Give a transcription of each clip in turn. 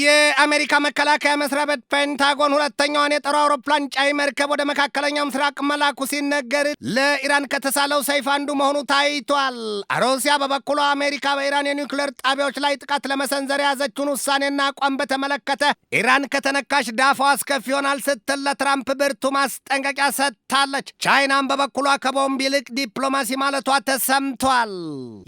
የአሜሪካ መከላከያ መስሪያ ቤት ፔንታጎን ሁለተኛዋን የጦር አውሮፕላን ጫይ መርከብ ወደ መካከለኛው ምስራቅ መላኩ ሲነገር ለኢራን ከተሳለው ሰይፍ አንዱ መሆኑ ታይቷል። ሩሲያ በበኩሏ አሜሪካ በኢራን የኒውክሌር ጣቢያዎች ላይ ጥቃት ለመሰንዘር የያዘችውን ውሳኔና አቋም በተመለከተ ኢራን ከተነካሽ ዳፋው አስከፊ ይሆናል ስትል ለትራምፕ ብርቱ ማስጠንቀቂያ ሰጥታለች። ቻይናም በበኩሏ ከቦምብ ይልቅ ዲፕሎማሲ ማለቷ ተሰምቷል።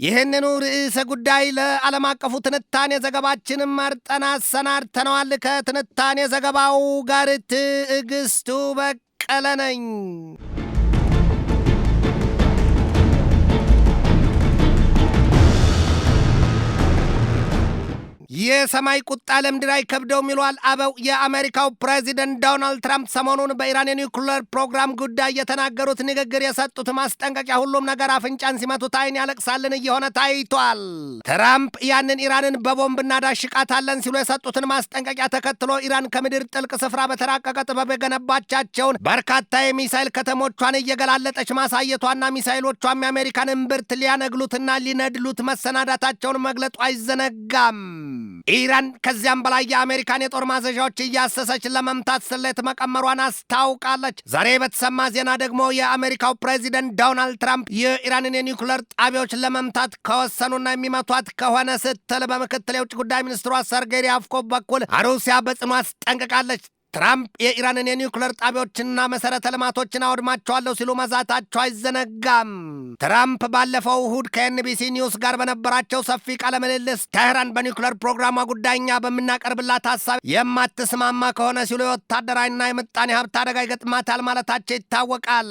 ይህንኑ ርዕሰ ጉዳይ ለዓለም አቀፉ ትንታኔ ዘገባችንም መርጠናስ አሰናድተነዋል። ከትንታኔ ዘገባው ጋር ትዕግስቱ በቀለ ነኝ። የሰማይ ቁጣ ለምድር አይከብደውም ይሏል አበው። የአሜሪካው ፕሬዚደንት ዶናልድ ትራምፕ ሰሞኑን በኢራን የኒውክሌር ፕሮግራም ጉዳይ የተናገሩት ንግግር፣ የሰጡት ማስጠንቀቂያ ሁሉም ነገር አፍንጫን ሲመቱት አይን ያለቅሳልን እየሆነ ታይቷል። ትራምፕ ያንን ኢራንን በቦምብና ዳሽቃታለን ሲሉ የሰጡትን ማስጠንቀቂያ ተከትሎ ኢራን ከምድር ጥልቅ ስፍራ በተራቀቀ ጥበብ የገነባቻቸውን በርካታ የሚሳይል ከተሞቿን እየገላለጠች ማሳየቷና ሚሳይሎቿም የአሜሪካን እምብርት ሊያነግሉትና ሊነድሉት መሰናዳታቸውን መግለጡ አይዘነጋም። ኢራን ከዚያም በላይ የአሜሪካን የጦር ማዘዣዎች እያሰሰች ለመምታት ስሌት መቀመሯን አስታውቃለች። ዛሬ በተሰማ ዜና ደግሞ የአሜሪካው ፕሬዚደንት ዶናልድ ትራምፕ የኢራንን የኒውክለር ጣቢያዎች ለመምታት ከወሰኑና የሚመቷት ከሆነ ስትል በምክትል የውጭ ጉዳይ ሚኒስትሯ ሰርጌይ ሪያፍኮቭ በኩል ሩሲያ በጽኑ አስጠንቅቃለች። ትራምፕ የኢራንን የኒውክለር ጣቢያዎችና መሠረተ ልማቶችን አወድማቸዋለሁ ሲሉ መዛታቸው አይዘነጋም። ትራምፕ ባለፈው እሁድ ከኤንቢሲ ኒውስ ጋር በነበራቸው ሰፊ ቃለ ምልልስ ቴህራን በኒውክለር ፕሮግራሟ ጉዳይኛ በምናቀርብላት ሀሳብ የማትስማማ ከሆነ ሲሉ የወታደራዊና የምጣኔ ሀብት አደጋ ይገጥማታል ማለታቸው ይታወቃል።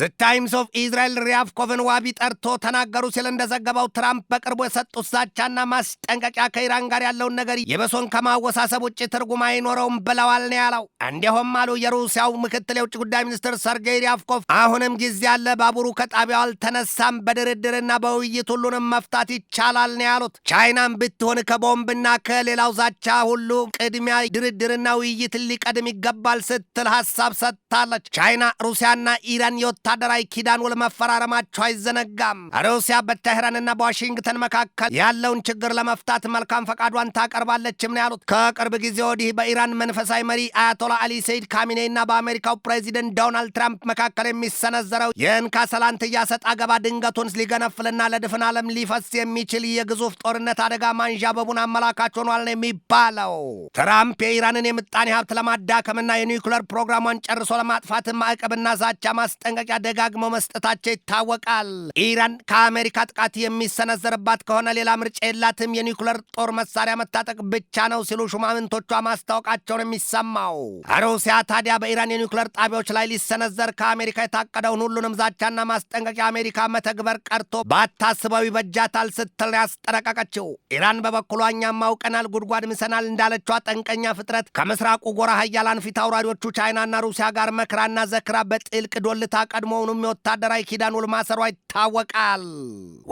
ዘ ታይምስ ኦፍ ኢዝራኤል ሪያፍኮቭን ዋቢ ጠርቶ ተናገሩ ሲል እንደዘገበው ትራምፕ በቅርቡ የሰጡት ዛቻና ማስጠንቀቂያ ከኢራን ጋር ያለውን ነገር የበሶን ከማወሳሰብ ውጭ ትርጉም አይኖረውም ብለዋል ነው ያለው። እንዲሁም አሉ የሩሲያው ምክትል የውጭ ጉዳይ ሚኒስትር ሰርጌይ ሪያፍኮቭ አሁንም ጊዜ ያለ ባቡሩ ከጣቢያው ተነሳም በድርድርና በውይይት ሁሉንም መፍታት ይቻላል ነው ያሉት። ቻይናም ብትሆን ከቦምብና ከሌላው ዛቻ ሁሉ ቅድሚያ ድርድርና ውይይት ሊቀድም ይገባል ስትል ሀሳብ ሰጥታለች። ቻይና፣ ሩሲያና ኢራን የወታደራዊ ኪዳን ውል መፈራረማቸው አይዘነጋም። ሩሲያ በቴህራንና በዋሽንግተን መካከል ያለውን ችግር ለመፍታት መልካም ፈቃዷን ታቀርባለችም ነው ያሉት። ከቅርብ ጊዜ ወዲህ በኢራን መንፈሳዊ መሪ አያቶላ አሊ ሰይድ ካሚኔና በአሜሪካው ፕሬዚደንት ዶናልድ ትራምፕ መካከል የሚሰነዘረው የእንካ ሰላንት ሰጣ አገባ ድንገቱን ሊገነፍልና ለድፍን ዓለም ሊፈስ የሚችል የግዙፍ ጦርነት አደጋ ማንዣበቡን አመላካች ሆኗል ነው የሚባለው። ትራምፕ የኢራንን የምጣኔ ሀብት ለማዳከምና የኒውክለር ፕሮግራሟን ጨርሶ ለማጥፋት ማዕቀብና ዛቻ ማስጠንቀቂያ ደጋግመው መስጠታቸው ይታወቃል። ኢራን ከአሜሪካ ጥቃት የሚሰነዘርባት ከሆነ ሌላ ምርጫ የላትም፣ የኒውክለር ጦር መሳሪያ መታጠቅ ብቻ ነው ሲሉ ሹማምንቶቿ ማስታወቃቸውን የሚሰማው ሩሲያ ታዲያ በኢራን የኒውክለር ጣቢያዎች ላይ ሊሰነዘር ከአሜሪካ የታቀደውን ሁሉንም ዛቻና ማስጠንቀቂያ አሜሪካ መተግበር ቀርቶ ባታስበው ይበጃታል ስትል ያስጠረቀቀችው። ኢራን በበኩሏ እኛም አውቀናል ጉድጓድ ምሰናል እንዳለችው ጠንቀኛ ፍጥረት ከምስራቁ ጎራ ሀያላን ፊት አውራሪዎቹ ቻይናና ሩሲያ ጋር መክራና ዘክራ በጥልቅ ዶልታ ቀድሞውንም የወታደራዊ ኪዳን ውል ማሰሯ ይታወቃል።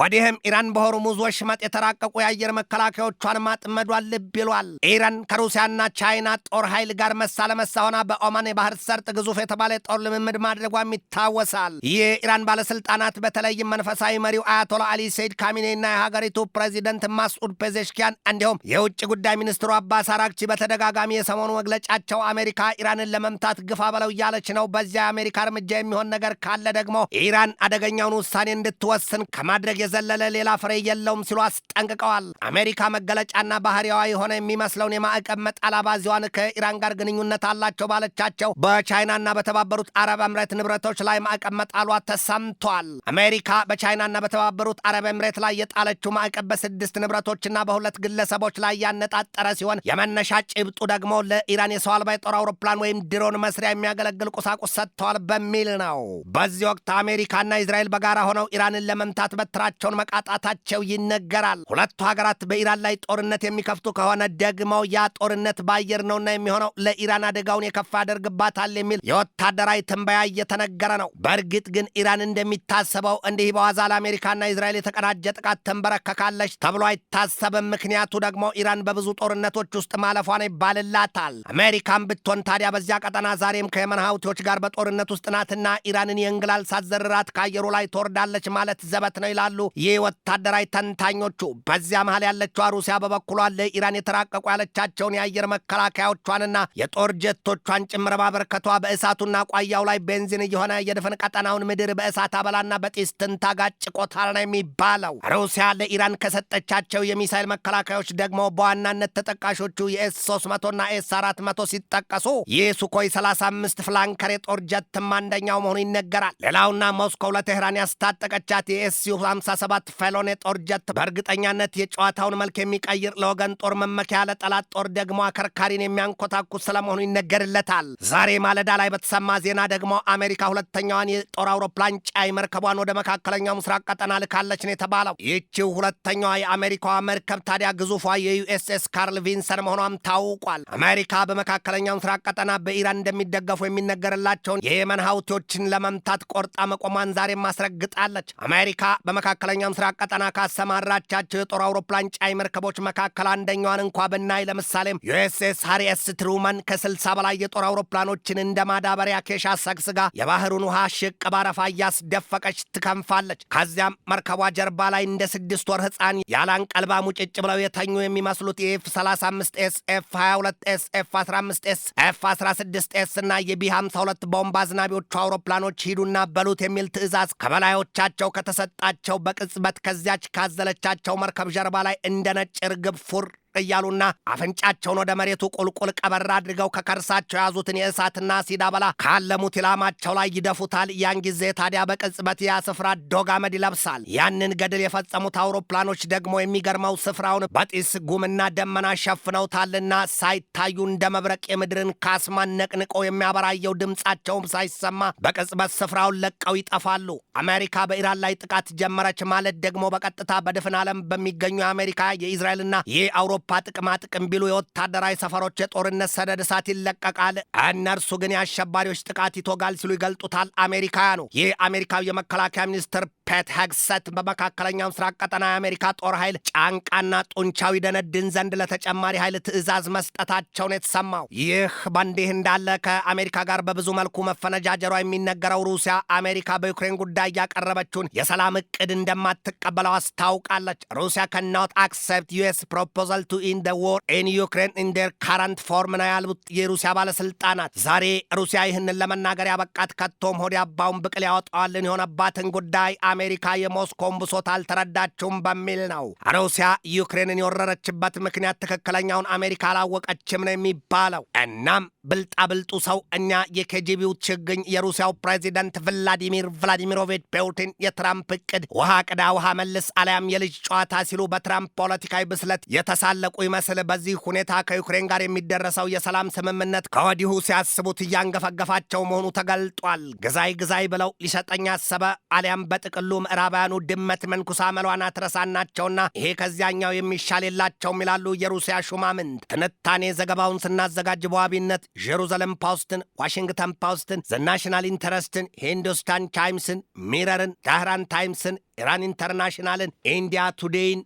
ወዲህም ኢራን በሆርሙዝ ወሽመጥ የተራቀቁ የአየር መከላከያዎቿን ማጥመዷን ልብ ይሏል። ኢራን ከሩሲያና ቻይና ጦር ኃይል ጋር መሳ ለመሳ ሆና በኦማን የባህር ሰርጥ ግዙፍ የተባለ የጦር ልምምድ ማድረጓም ይታወሳል። ይህ ኢራን ባለስልጣናት በተለይም መንፈሳዊ መሪው አያቶላ አሊ ሰይድ ካሚኔና የሀገሪቱ ፕሬዚደንት ማስዑድ ፔዜሽኪያን እንዲሁም የውጭ ጉዳይ ሚኒስትሩ አባስ አራግቺ በተደጋጋሚ የሰሞኑ መግለጫቸው አሜሪካ ኢራንን ለመምታት ግፋ በለው እያለች ነው። በዚያ የአሜሪካ እርምጃ የሚሆን ነገር ካለ ደግሞ ኢራን አደገኛውን ውሳኔ እንድትወስን ከማድረግ የዘለለ ሌላ ፍሬ የለውም ሲሉ አስጠንቅቀዋል። አሜሪካ መገለጫና ባህሪዋ የሆነ የሚመስለውን የማዕቀብ መጣል አባዚዋን ከኢራን ጋር ግንኙነት አላቸው ባለቻቸው በቻይናና በተባበሩት አረብ እምረት ንብረቶች ላይ ማዕቀብ መጣሏ ተሰምቷል። አሜሪካ በቻይናና በተባበሩት አረብ ኤምሬት ላይ የጣለችው ማዕቀብ በስድስት ንብረቶችና በሁለት ግለሰቦች ላይ ያነጣጠረ ሲሆን የመነሻ ጭብጡ ደግሞ ለኢራን የሰው አልባ የጦር አውሮፕላን ወይም ድሮን መስሪያ የሚያገለግል ቁሳቁስ ሰጥተዋል በሚል ነው። በዚህ ወቅት አሜሪካና እስራኤል በጋራ ሆነው ኢራንን ለመምታት በትራቸውን መቃጣታቸው ይነገራል። ሁለቱ ሀገራት በኢራን ላይ ጦርነት የሚከፍቱ ከሆነ ደግሞ ያ ጦርነት በአየር ነውና የሚሆነው ለኢራን አደጋውን የከፋ ያደርግባታል የሚል የወታደራዊ ትንበያ እየተነገረ ነው። በእርግጥ ግን ኢራን እንደሚታሰ የምታስበው እንዲህ በዋዛ ለአሜሪካና እስራኤል የተቀናጀ ጥቃት ትንበረከካለች ተብሎ አይታሰብም። ምክንያቱ ደግሞ ኢራን በብዙ ጦርነቶች ውስጥ ማለፏን ይባልላታል። አሜሪካን ብትሆን ታዲያ በዚያ ቀጠና ዛሬም ከየመን ሀውቲዎች ጋር በጦርነት ውስጥ ናትና ኢራንን የእንግላል ሳዘርራት ከአየሩ ላይ ትወርዳለች ማለት ዘበት ነው ይላሉ ይህ ወታደራዊ ተንታኞቹ። በዚያ መሀል ያለችዋ ሩሲያ በበኩሏ ለኢራን የተራቀቁ ያለቻቸውን የአየር መከላከያዎቿንና የጦር ጀቶቿን ጭምር ማበርከቷ በእሳቱና ቋያው ላይ ቤንዚን እየሆነ የድፍን ቀጠናውን ምድር በእሳት አበላና በጢስ ትንታጋጭ ቆታል ነው የሚባለው። ሩሲያ ለኢራን ከሰጠቻቸው የሚሳይል መከላከያዎች ደግሞ በዋናነት ተጠቃሾቹ የኤስ 300ና ኤስ 400 ሲጠቀሱ ይህ ሱኮይ 35 ፍላንከር የጦር ጀትም አንደኛው መሆኑ ይነገራል። ሌላውና ሞስኮው ለቴህራን ያስታጠቀቻት የኤስዩ 57 ፌሎን የጦር ጀት በእርግጠኛነት የጨዋታውን መልክ የሚቀይር ለወገን ጦር መመኪያ፣ ለጠላት ጦር ደግሞ አከርካሪን የሚያንኮታኩት ስለመሆኑ ይነገርለታል። ዛሬ ማለዳ ላይ በተሰማ ዜና ደግሞ አሜሪካ ሁለተኛዋን የጦር አውሮፕላን ጫይ መርከቧ ኃይሎቿን ወደ መካከለኛው ምስራቅ ቀጠና ልካለች ነው የተባለው። ይህችው ሁለተኛዋ የአሜሪካዋ መርከብ ታዲያ ግዙፏ የዩኤስኤስ ካርል ቪንሰን መሆኗም ታውቋል። አሜሪካ በመካከለኛው ምስራቅ ቀጠና በኢራን እንደሚደገፉ የሚነገርላቸውን የየመን ሀውቲዎችን ለመምታት ቆርጣ መቆሟን ዛሬም ማስረግጣለች። አሜሪካ በመካከለኛው ምስራቅ ቀጠና ካሰማራቻቸው የጦር አውሮፕላን ጫይ መርከቦች መካከል አንደኛዋን እንኳ ብናይ ለምሳሌም ዩኤስኤስ ሃሪ ኤስ ትሩማን ከስልሳ በላይ የጦር አውሮፕላኖችን እንደ ማዳበሪያ ኬሻ ሰግስጋ የባህሩን ውሃ ሽቅ ባረፋ እያስደፈቀች ትከንፋለች። ከዚያም መርከቧ ጀርባ ላይ እንደ ስድስት ወር ሕፃን ያላንቀልባ ሙጭጭ ብለው የተኙ የሚመስሉት የኤፍ 35 ኤስ ኤፍ 22 ኤስ ኤፍ 15 ኤስ ኤፍ 16 ኤስ እና የቢ 52 ቦምብ አዝናቢዎቹ አውሮፕላኖች ሂዱና በሉት የሚል ትዕዛዝ ከበላዮቻቸው ከተሰጣቸው በቅጽበት ከዚያች ካዘለቻቸው መርከብ ጀርባ ላይ እንደ ነጭ ርግብ ፉር እያሉና አፍንጫቸውን ወደ መሬቱ ቁልቁል ቀበር አድርገው ከከርሳቸው የያዙትን የእሳትና ሲዳ በላ ካለሙት ኢላማቸው ላይ ይደፉታል። ያን ጊዜ ታዲያ በቅጽበት ያ ስፍራ ዶግ አመድ ይለብሳል። ያንን ገድል የፈጸሙት አውሮፕላኖች ደግሞ የሚገርመው ስፍራውን በጢስ ጉምና ደመና ሸፍነውታልና ሳይታዩ እንደ መብረቅ የምድርን ካስማ ነቅንቆ የሚያበራየው ድምፃቸውም ሳይሰማ በቅጽበት ስፍራውን ለቀው ይጠፋሉ። አሜሪካ በኢራን ላይ ጥቃት ጀመረች ማለት ደግሞ በቀጥታ በድፍን ዓለም በሚገኙ የአሜሪካ የእስራኤልና አውሮ ጥቅማ ጥቅማጥቅም ቢሉ የወታደራዊ ሰፈሮች የጦርነት ሰደድ እሳት ይለቀቃል። እነርሱ ግን የአሸባሪዎች ጥቃት ይቶጋል ሲሉ ይገልጡታል አሜሪካውያኑ። ይህ አሜሪካዊ የመከላከያ ሚኒስትር ፔት ሄግሰት በመካከለኛው ምስራቅ ቀጠና የአሜሪካ ጦር ኃይል ጫንቃና ጡንቻው ይደነድን ዘንድ ለተጨማሪ ኃይል ትዕዛዝ መስጠታቸውን የተሰማው። ይህ በእንዲህ እንዳለ ከአሜሪካ ጋር በብዙ መልኩ መፈነጃጀሯ የሚነገረው ሩሲያ አሜሪካ በዩክሬን ጉዳይ እያቀረበችውን የሰላም እቅድ እንደማትቀበለው አስታውቃለች። ሩሲያ ካናት አክሴፕት ዩኤስ ፕሮፖዛል to end the war in Ukraine in their current form ነው ያሉት የሩሲያ ባለስልጣናት። ዛሬ ሩሲያ ይህንን ለመናገር ያበቃት ከቶም ሆድ ያባውን ብቅል ያወጣዋልን የሆነባትን ጉዳይ አሜሪካ የሞስኮን ብሶት አልተረዳችውም በሚል ነው። ሩሲያ ዩክሬንን የወረረችበት ምክንያት ትክክለኛውን አሜሪካ አላወቀችም ነው የሚባለው እናም ብልጣብልጡ ሰው እኛ የኬጂቢው ችግኝ የሩሲያው ፕሬዚደንት ቭላዲሚር ቭላዲሚሮቪች ፑቲን የትራምፕ እቅድ ውሃ ቅዳ ውሃ መልስ አሊያም የልጅ ጨዋታ ሲሉ በትራምፕ ፖለቲካዊ ብስለት የተሳለቁ ይመስል በዚህ ሁኔታ ከዩክሬን ጋር የሚደረሰው የሰላም ስምምነት ከወዲሁ ሲያስቡት እያንገፈገፋቸው መሆኑ ተገልጧል። ግዛይ ግዛይ ብለው ሊሰጠኝ አሰበ አሊያም በጥቅሉ ምዕራባውያኑ ድመት መንኩሳ መሏን አትረሳናቸውና ይሄ ከዚያኛው የሚሻል የላቸውም ይላሉ የሩሲያ ሹማምንት። ትንታኔ ዘገባውን ስናዘጋጅ በዋቢነት ጀሩዛሌም ፖስትን፣ ዋሽንግተን ፖስትን፣ ዘ ናሽናል ኢንተረስትን፣ ሂንዱስታን ታይምስን፣ ሚረርን፣ ዳህራን ታይምስን፣ ኢራን ኢንተርናሽናልን፣ ኢንዲያ ቱዴይን፣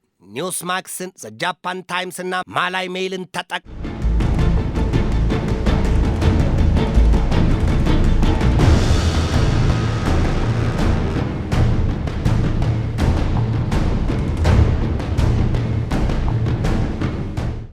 ማክስን፣ ዘ ጃፓን ታይምስና ማላይ ሜይልን ተጠቅ